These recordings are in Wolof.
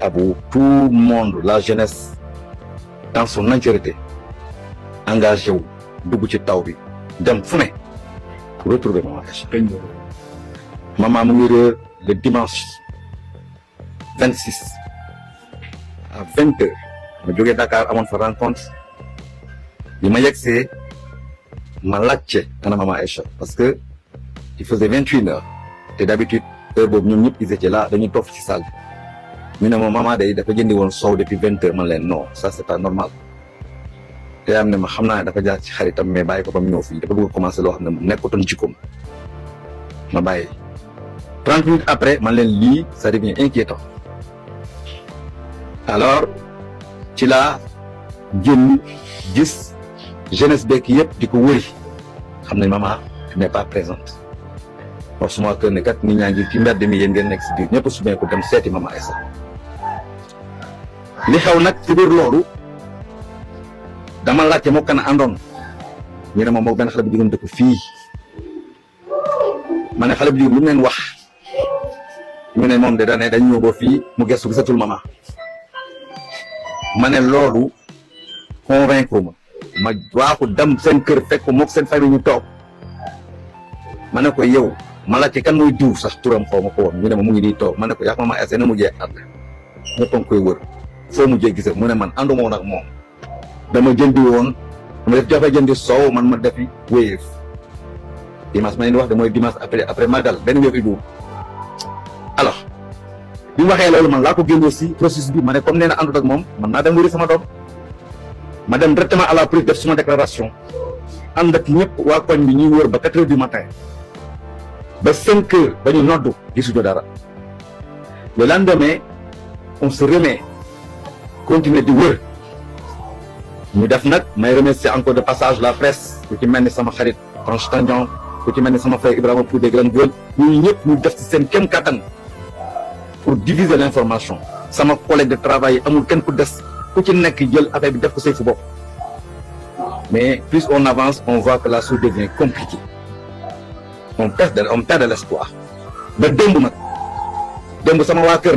Abou tout le monde la jeunesse dans son entièreté engagé au ci pour retrouver maman Aïcha maman mourut le dimanche 26 à 20 h ma à Dakar de fa rencontre dit maman parce que il faisait 21 h et d'habitude les gens ils étaient là mina mo mama day dafa jëndi won sow depuis 20h man len non ça c'est pas normal té am na ma xamna dafa jaar ci xaritam mais bayiko bam ñow fi dafa bëgg commencer lo xamna nekkuton ci kum ma baye 30 minutes après man len li ça devient inquiétant alors ci la jëm gis jeunesse bek yépp diko wëri xamna mama n'est pas présente parce que moi que ne kat ni ñangi ci mbedd mi yeen ngeen nek ci biir ñepp su ko dem séti mama Aïssa li xew nak ci bir lolu dama laajte moo kan àndoon ñu dama ma ben xalé bi digum dekk fi mané xalé bi lu mu wax ñu né mom de dañé dañ ñoo bo fi mu gestu satul mama mané lolu loolu convaincre ma ma waxu dam sen kër fekk mook sen fami ñu tok mané ko yow ma laajte kan moy diw sax turam xawma ma ko won ñu ne ma mu ngi di tok mané ko yaa mama essé na mu jé ak a ngi koy wër foo mujjee gisee mu ne man ànduma woon ak moom dama jëndi won dama def jafé jëndi saw man ma def wave dimas ma leen wax de mooy dimanche après après magal benn wave i duub alors bi waxé lolu man la ko génnee ci process bi mané comme néna na àndut ak moom man na dem wuri sama dom ma dem directement à la prise def suma déclaration and ak ñëpp wa koñ bi ñi wër ba 4h du matin ba 5h bañu noddu gisu do dara le lendemain on se remet continuer de voir nous def nag may remercier encore de passage la presse ku ci mel ni sama xarit Tange Tandian ku ci mel ni sama frère des grandes Gran Gueule ñun ñëpp ñu def ci seen kem pour diviser l'information sama collègue de travail amul Ken ku des ku ci nekk jël affaire bi def ko mais plus on avance on voit que la chose devient compliquée on perd on perd de l'espoir ba démb nag démb sama waa kër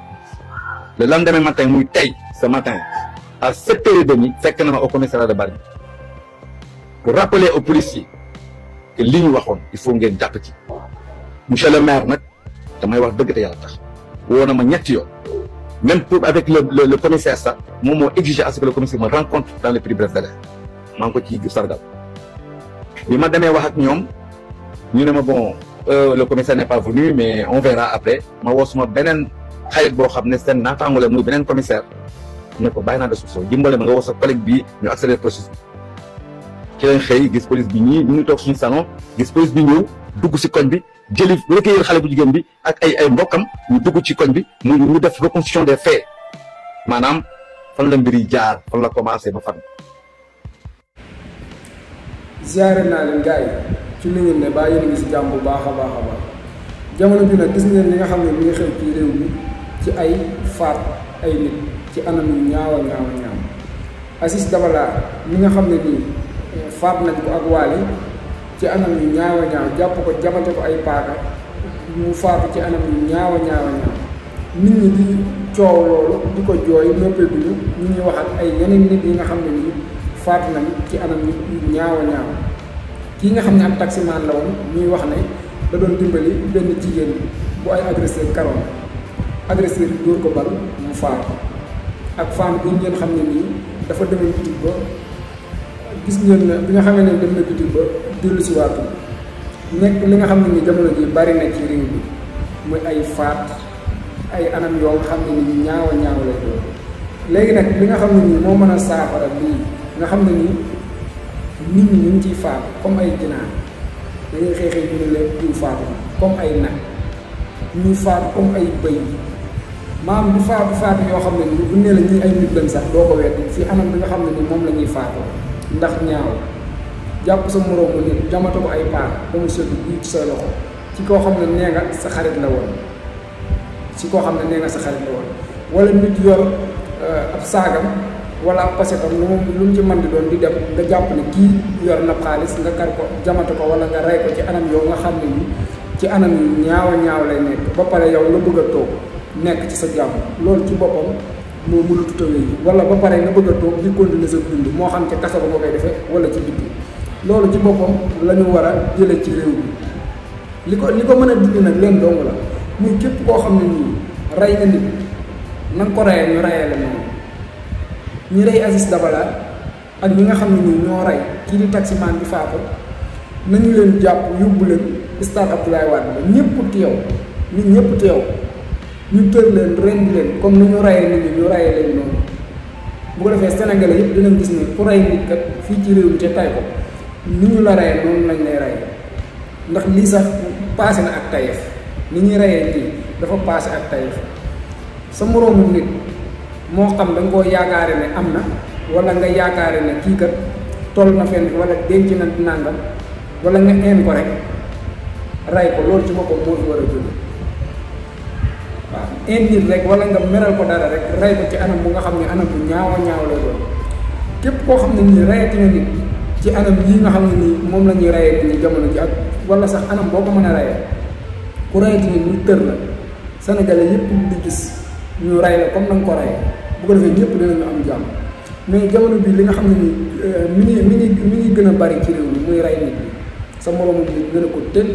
le lendemain matin muy tey ce matin à 7h30, demie fekk na au commissariat de Bari. pour rappeler aux policiers que li ñu waxoon il faut ngeen jàpp ci monsieur le maire nag damay wax dëgg te yàlla tax woo na ma ñetti même pour avec le le, le commissaire ça, moom moo exigé à ce que le commissaire me rencontre dans les prix brefs délais maa ngi ko ci sargal bi ma demee wax ak ñoom ñu bon euh, le commissaire n'est pas venu mais on verra après ma woo suma Benen. xarit boo xam ne seen naataango la muy beneen commissaire ne ko bàyyi naa de soupçon dimbale ma nga wax sa collègue bi ñu accéléré processus ci lañ xëy gis police bi ñii ñu ngi toog suñu salon gis police bi ñëw dugg si koñ bi jëli recueillir xale bu jigéen bi ak ay ay ñu dugg ci koñ bi mu ñu def reconstitution des faits maanaam fan la mbir yi jaar fan la commencé ba fan. ziare naa baax a baax jamono bi nag gis ngeen li nga xam ne mi xew ci réew ci ay faat ay nit ci anam yu ñaawa ñaawa ñaaw Aziz Dabala mi nga xamne ni eh, faat nañ ko ak wali ci anam yu ñaawa ñaaw japp ko jamante ko ay paaka mu faatu ci anam yu ñaawa ñaawa ñaaw nit ñi di ciow lolu di joy noppé noppeeguñu ñu ñi wax ak ay yeneen nit yi nga xamne ni faat nañ ci anam yu ñaawa ñaaw ki nga xamne am taxi man la woon ñi wax ne da doon dimbali ben jigen bu ay adresser karoon agresseur bi dóor ko bal mu faatu ak femme bi ngeen xam ne nii dafa demee bitig ba gis ngeen ne bi nga xamee ne dem na bitig ba dellu si waatu li nga xam ne nii jamono ji bari nag ci réew bi muy ay faat ay anam yoo xam ne nii ñaaw a ñaaw lay doon léegi nag li nga xam ne nii moo mën a saafara bii nga xam ne nii nit ñi ñu ciy faatu comme ay ginaar da ngay xeexee ñu ne leen diw comme ay nag ñuy faatu comme ay bëy maam du faatu faatu yoo xam ne ni bu ne la ay nit lañ sax doo ko wedd fi anam bi nga xam ne ni moom la ñuy faatoo ndax ñaaw jàpp sa ko nit jamata ko ay paar ba mu sëdd bu ci sa loxo ci koo xam ne nee nga sa xarit la woon ci koo xam ne nee nga sa xarit la woon wala nit yor euh, ab saagam wala ab pasetam lu mu lu mu ci mën di doon di dem nga jàpp ne kii yor na xaalis nga kar ko jamata ko wala nga ray ko ci anam yow nga xam ne ni ci anam yu ñaaw a ñaaw lay nekk ba pare yow la bëgg a toog nekk ci sa jàmm loolu ci boppam moo mënul tutawee wala ba pare nga bëgg a toog di continuer sa dund moo xam ca kaso ba nga koy defee wala ci bitti loolu ci boppam la ñu war a jëlee ci réew mi li ko li ko mën a dindi nag leen dong la muy képp koo xam ne nii rey nga nit na nga ko reyee la ak ñi nga xam ne nii ñoo rey kii di taximaan bi faatu nañu leen jàpp yóbbu leen stade Abdoulaye Wade la ñëpp teew nit ñëpp teew ñu tër leen rend leen comme ni ñu rayee nit ñi ñu rayee leen noonu bu ko defee sénégalais yëpp dinañ gis ne ku ray nit kat fii ci réew mi te tay ko ni ñu la rayee noonu lañ lay rayee ndax lii sax paase na ak tayef ni ñuy rayee nit dafa paase ak tayef sa moroomu nit moo xam da ko yaakaare ne am na wala nga yaakaare ne kii kat toll na fenn wala denc na nàngam wala nga een ko rek ray ko loolu ci boppam moo fi war a jóge indil rek wala nga meral ko dara rek rey ko ci anam bu nga xam ne anam bu ñaawa ñaaw lay doon képp koo xam ne nii reyati na nit ci anam yi nga xam ne nii moom la ñuy reyati ni jamono ji ak wala sax anam boo ko mën a reyee ku reyati nit ñu tër di gis ñu rey comme na ko reyee bu ñëpp dinañu am jàmm mais jamono bii li nga xam ne nii euh, mi ngi mi ngi mi ngi gën a bari ci réew mi muy rey nit bi sa moromu nit gën a ko tënk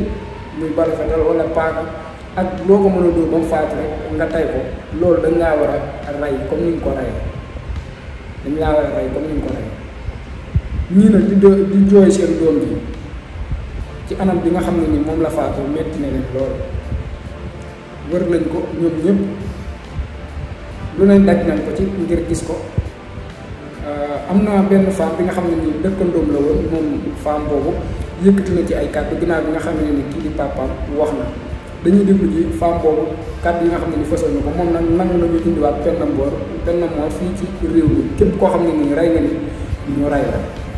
muy bari fetal wala paaka ak loo ko mën a dóor ba mu faatu rek nga tay ko loolu dañ laa war a rey comme ni ñu ko reyee dañ laa comme ni ñu ko reyee ñii nag di do- di jooy seen doom bi ci anam bi nga xam ne ni moom la faatu metti na leen loolu wër nañ ko ñoom ñëpp lu nañ daj nañ ko ci ngir gis ko euh, am na benn femme bi nga xam ne ni dëkkandoom la woon moom femme boobu yëkkati na ci ay kàddu ginnaaw bi nga xam ne ni kii di papaam wax na dañuy déglu ji femme boobu kàddu yi nga xam ne ni fësal na ko moom nag nangu na ñu indiwaat peine de mort peine de mort fii ci réew mi képp koo xam ne nii rey nga ñu rey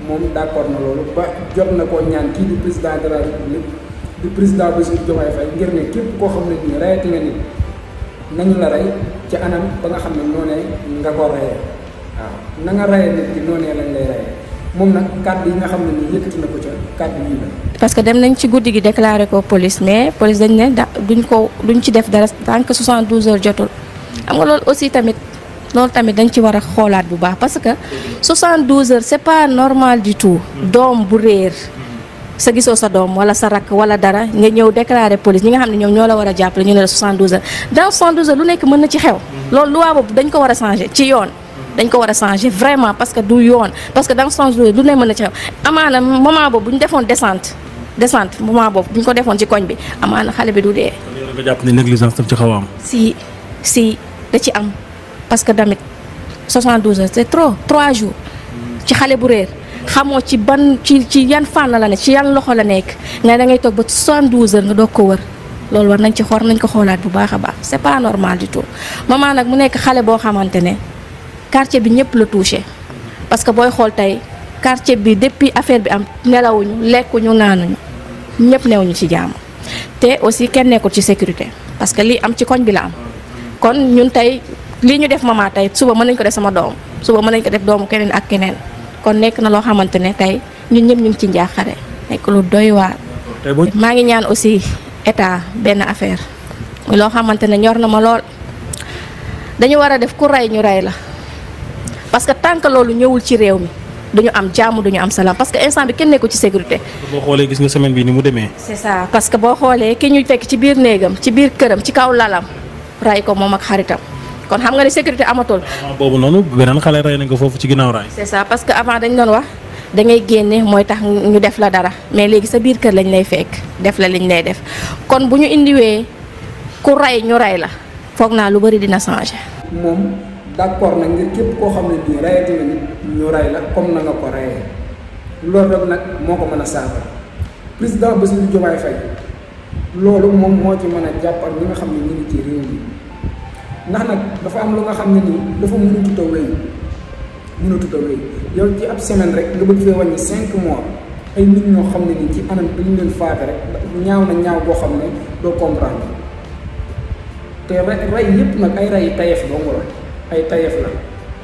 moom d' accord ba jot na koo ñaan kii di président de la république di président Bassirou képp koo xam ne nii reyati nga ni nañu la rey ci anam ba nga xam ne noonee nga ko reyee waaw na nga reyee nit ki noonee lañ lay reyee moom na kàddu yi nga xam ne nii yëkkati na ko ca kàddu yi la parce que dem nañ ci guddi gi déclaré ko police mais police dañ ne da duñ ko duñ ci def dara tant que 72 heures jotul. xam nga loolu aussi tamit loolu tamit dañ ci war a xoolaat bu baax parce que 72 heures c'est pas normal du tout. doom bu réer. sa gisoo sa doom wala sa rakk wala dara nga ñëw déclarer police ñi nga xam ne ñoom ñoo la war a jàppale ñu ne la 72 heures nekk mën na ci xew. loolu loi boobu dañ ko war a changer ci yoon. dañ ko war a changer vraiment parce que du yoon parce que dans 72 heures lu ne mën bu ñu defoon descente. descente moment boobu bu ñu ko defoon ci koñ bi amaana xale bi du dee. nga jàpp ne négligence daf ci xaw a am. si si da ci am parce que tamit 72 heures c'est trop 3 jours ci xale bu réer. xamoo ci ban ci ci yan fànn la ne ci yan loxo la nekk nga da ngay toog ba 72 heures nga doog ko wër loolu war nañ ci xool nañ ko xoolaat bu baax a baax c'est pas normal du tout maman nag mu nekk xale boo xamante ne quartier bi ñëpp la touché parce que booy xool tey quartier bi depuis affaire bi am nelawuñu lekkuñu naanuñu. ñëpp newuñu ci jàmm te aussi kenn nekkul ci sécurité parce que lii am ci koñ bi la am kon ñun tey lii ñu def mama tey suba mën nañ ko def sama doom suba mën nañ ko def doomu keneen ak keneen kon nekk na loo xamante ne tey ñun ñëpp ñu ngi ci njaaxare nekk lu doy waa maa ngi ñaan aussi état benn affaire loo xamante ne ñor na ma lool dañu war a def ku rey ñu rey la parce que tant que loolu ñëwul ci réew mi duñu am jàmm duñu am salaam parce que instant bi kenn nekku ci sécurité. boo xoolee gis nga semaine bi ni mu demee. c'est ça parce que boo xoolee ki ñu fekk ci biir néegam ci biir këram ci kaw lalam ray ko moom ak xaritam kon xam nga ne sécurité amatul. boobu noonu beneen xale ray nañ ko foofu ci ginnaaw raay. c'est ça parce que avant dañ doon wax da ngay génne mooy tax ñu def la dara mais léegi sa biir kër lañ lay fekk def la liñ lay def kon bu ñu indiwee ku ray ñu ray la foog naa lu bari dina changer. moom. d'accord nag ngir képp koo xam ne bii rayati na nit ñu ray la comme na nga ko rayee loolu rek nag moo ko mën a saafara président Bassirou Diomaye Faye loolu moom moo ci mën a jàppal li nga xam ne ñu ngi ci réew mi ndax nag dafa am lu nga xam ne nii dafa mënatut a wéy mënatut a yow ci ab semaine rek nga bëgg fee wàññi cinq mois ay nit ñoo xam ne nii ci anam bi ñu leen faate rek ñaaw na ñaaw boo xam ne doo comprendre te rey yépp nag ay rey tayef dong la ay tayef la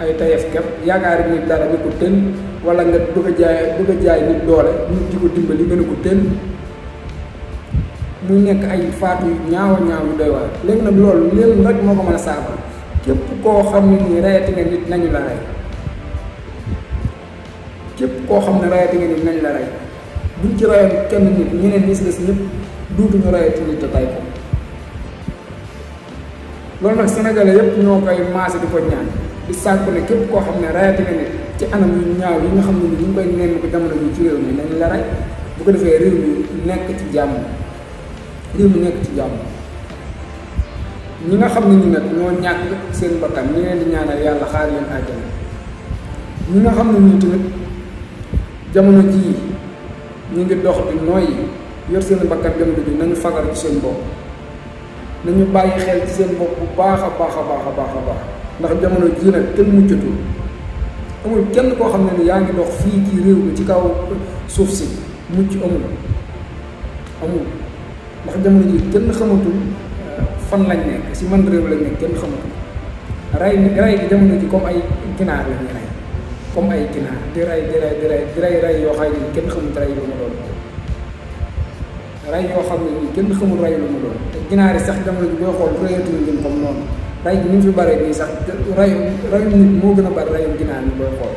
ay tayef kepp yaakaar ni dara ñu ko tën wala nga bëgg a jaay bëgg a jaay nit doole nit di dimbali nga ne ko tën mu nekk ay faatu ñaawa ñaaw yu doy waar léegi nag loolu leen rek moo ko mën a saafara képp koo xam ne nii nit nañu la rey képp koo xam ne rayati nga nit nañu la rey buñ ci rayoon kenn nit ñeneen ñi si des duutuñu rayati tay ko loolu nag sénégalais yëpp ñoo koy maase di ko ñaan di sàkku ne képp koo xam ne rayati nga ne ci anam yu ñaaw yi nga xam ne ñu ngi koy nenn ko jamono bi ci réew mi nañ la rey ko defee réew mi nekk ci jàmm mi nekk ci jàmm nga xam ne ñu nag ñoo ñàkk seen bakkan ñi leen di ñaanal yàlla xaar leen xam ne ñu tamit jamono jii ñu ngi dox di nooy yor seen bakkan jamono bi nañu fagar ci seen bopp nañu bàyyi xel ci seen bopp bu baax a baax a baax a baax ndax jamono jii nag kenn muccatul amul kenn koo xam ne ni yaa ngi dox fii ci réew mi ci kaw suuf si mucc amul amul ndax jamono ji kenn xamatul euh, fan lañ nekk si man réew lañ nekk kenn xamatul ray ni ray gi jamono ji comme ay ginaar la ñuy rey comme ay ginaar di ray di ray di ray ray yoo xam ne kenn xamut ray lu ma doon ray yoo xam ne nii kenn xamul ray lu mu doon te ginaar yi sax jamono ji booy xool rayatuñu leen comme noonu ray bi ni mu fi bare nii sax rayu rayu nit moo gën a bari rayu ginaar ni booy xool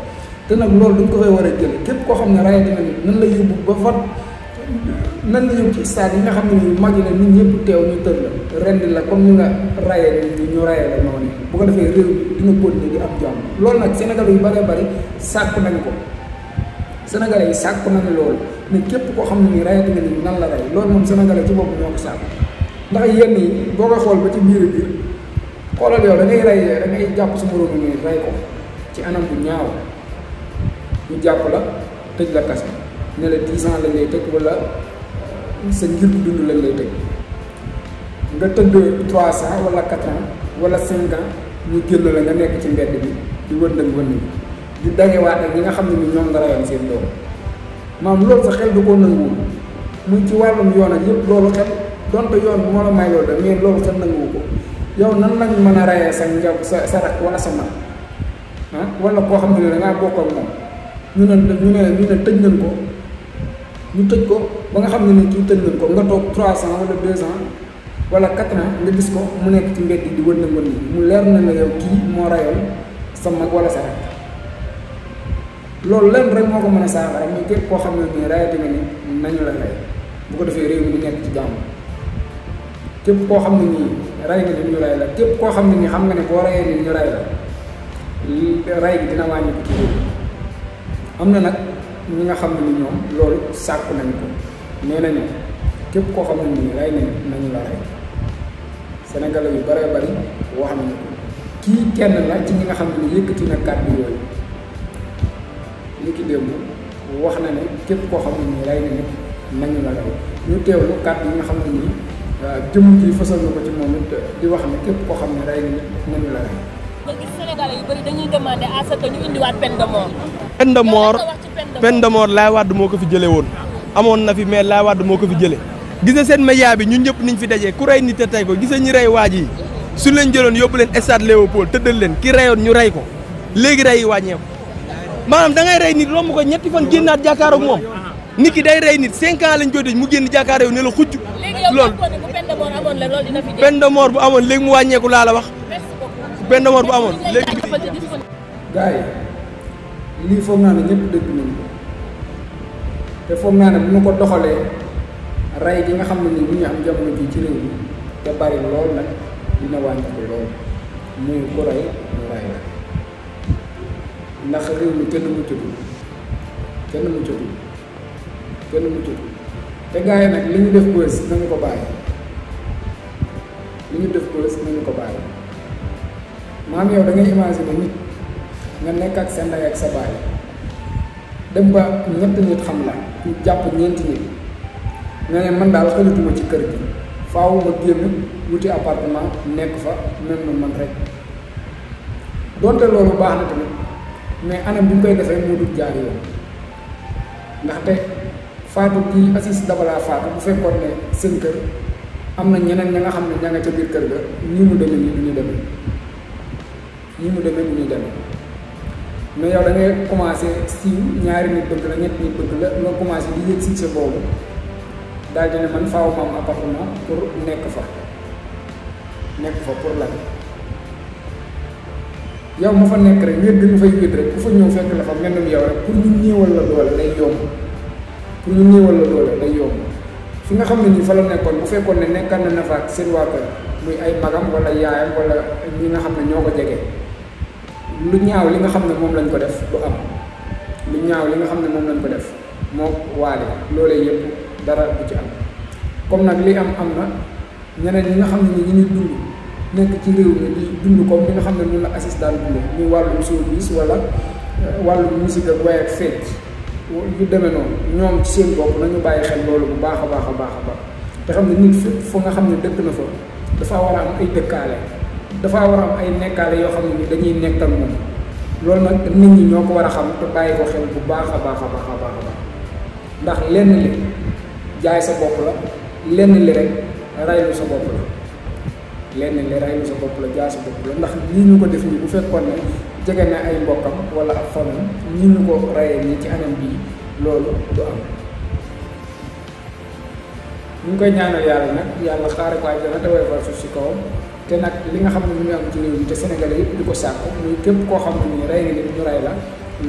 te nag loolu dañ ko fay war a jël képp koo xam ne ray dina nit nan la yóbbu ba fa nan la ci stade yi nga xam ne nii mag yi la nit ñëpp teew ñu tër la rendi la comme ñu nga raye nit ñi ñu raye la noonu bu ko defee réew dina continuer di am jàmm loolu nag Sénégal yu bare bari sàkk nañ ko sénégalais yi na nañu loolu ne képp koo xam ne nii rayati nga nii nan la rey loolu moom sénégalais ci boppam ñoo ko sàkku ndax yenn yi boo koy xool ba ci biir bi xoolal yow da rey da jàpp sa moroom bi nii rey ko ci anam bu ñaaw ñu jàpp la tëj la kaso ne la dix ans lañ lay tëj wala sa ngir bu dund lañ lay tëj nga tëdd trois ans wala quatre ans wala cinq ñu génn la nga nekk ci mbedd bi di wëndëng yi di dajewaat ak ñi nga xam ne ni ñoom nga rayoon seen doom maam loolu sa xel du ko nanguwul muy ci wàllum yoon ak yëpp loolu xel donte yoon bi moo la may loolu da mais loolu ko yow nan lañ mën a rayee sa njab sa sa rak wala ah, wala koo xam ne da ngaa bokk ñu ne ñu ñu ne tëj nañ ko ñu tëj ko ba nga xam ne ni kii tëj nañ ko nga toog trois ans wala deux ans wala quatre ans nga ko mu nekk ci mbedd di wënde wënde mu leer na la yow kii moo rayoon sa mag wala sa rak loolu lenn rek moo ko mën a saafara muy képp koo xam ne nii rayati nga ni nañu la rey bu ko defee réew mi di nekk ci jàmm képp koo xam ne nii rey nga ni ñu rey koo xam ne nii xam nga ne boo reyee ni la li rey dina wàññi ko ci am na nag ñi nga xam ne ni ñoom loolu sàkku nañ ko nee nañu képp koo xam ne nii rey nañ nañu la rey sénégalais yu baree bari wax nañu ko kii kenn la ci ñi nga xam ne yëkkati na kàddu yooyu li ki démb wax na ne képp koo xam ne nii ñu teewlu kàddu yi xam euh, na ko ci wax ne képp xam ne rey na nit moo ko fi jëlee woon amoon na fi mais Laay Wàdd moo ko fi jëlee gis seen média bi ñun ñëpp niñ fi dajee ku nit tey ko gis nga ñi rey waaj yi su leen jëloon yóbbu leen stade Léopold tëddal leen ki reyoon ñu rey ko léegi rey yi wàññeeku maanaam da ngay rey nit romb ko ñetti fan génnaat jàkkaaroog moom nit ki day rey nit cinq ans lañ koy tëj mu génn jàkkaar yow ne la xujj loolu peine de mort bu amoon léegi mu wàññeeku laa la wax peine de bu amoon léegi gars yi lii foog naa ne ñëpp te foog naa ne bu ñu ko doxalee rey gi nga xam ne ni bu am jamono ji ci réew mi da bari lool nag dina wàññeeku lool muy ku rey ndax réew mi kenn muccatul kenn muccatul kenn muccatul te gars yi nag li ñu def bës nañu ko bàyyi li ñu def bës nañu ko bàyyi maam yow da ngay imaginer nit nga nekk ak sa ndey ak sa baay dem ba ñett nit xam la jàpp ñeenti nit nga ne man daal xëyatuma ci kër gi faaw ma génn wuti appartement nekk fa mel na man rek donte loolu baax na tamit. mais anam bi ñu koy defee moo dul jaar yoon ndaxte faatu kii Aziz Dabala faatu bu fekkoon ne seen kër am na ñeneen ña nga xam ne ña nga ca biir kër ga ñi mu demee nii mu demee du ñu demee mais yow da ngay commencé siiw ñaari nit bëgg la ñetti nit bëgg la nga commencé di yëg succès boobu daal di ne man faaw ma am appartement pour nekk fa nekk fa pour lan. yow ma fa nekk rek wéet bi nga fay wéet rek ku fa ñëw fekk la fa mel ni yow rek pour ñu néewal la doole day yomb pour ñu néewal la doole day yomb fi nga xam ne nii fa la nekkoon bu fekkoon ne nekkaan na nafa ak seen muy ay magam wala yaayam wala ñi nga xam ne ñoo ko jege lu ñaaw li nga xam ne moom lañ ko def du am lu ñaaw li nga xam ne moom lañ ko def moo waale loolee yëpp dara bu ci am comme nag li am am na ñeneen ñi nga xam ne ñu ngi dund. nekk ci réew mi dund comme li nga xam ne noonu la assistant dund muy wàllum showbiz wala euh, wàllum musique ak waaye ak fecc yu demee noonu ñoom ci seen bopp nañu bàyyi xel loolu bu baax a baax baax a xam ne nit fépp nga xam ne dëkk na fa dafaa war ay dëkkaale dafaa war am ay nekkaale yoo xam ne ni dañuy nekkal moom nag nit ñi ñoo ko war a xam te bàyyi ko bu baax a baax a baax a baax a baax ndax lenn li jaay sa bopp la lenn li rek raylu sa bopp la lenn li raylu sa bopp la jaa sa bopp la ndax ñii ñu ko def nii bu fekkoon ne jege na ay mbokkam wala ak xonam nii ñu ko rayee nii ci anam bii loolu du am ñu ngi koy ñaanal yàlla nag yàlla xaare ko àjjana te woyofal suuf si kawam te nag li nga xam ne ñu ngi am ci réew mi te sénégalais yëpp di ko sàkku muy képp koo xam ni nii rey nga nit ñu rey la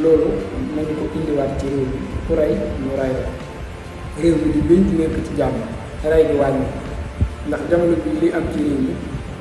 loolu nañu ko indiwaat ci réew mi ku rey ñu rey la réew mi di béy di nekk ci jàmm rey gi wàññi ndax bi li am ci réew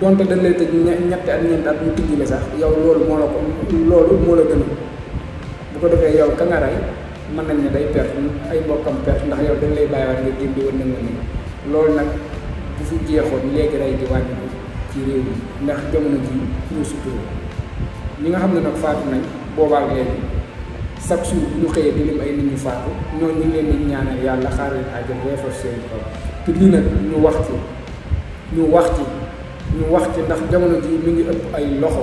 donte dañ lay tëj ñetti at ñeenti at ñu tijji la sax yow loolu moo la ko loolu moo la gën bu ko defee yow ka nga rey mën nañ ne day perte ay bokkam perte ndax yow dañ lay bàyyiwaat nga jéem loolu nag bu fi jeexoon léegi rey di wàññi ci réew mi ndax jamono ji ñi nga xam ne nag faatu nañ boobaa léegi chaque jour bu ñu xëyee di ay nit ñu faatu ñoo ñu leen di ñaanal yàlla xaaral àjjana weefar seen kaw te lii nag ñu wax ci ñu wax ci. ñu wax ci ndax jamono jii mi ngi ëpp ay loxo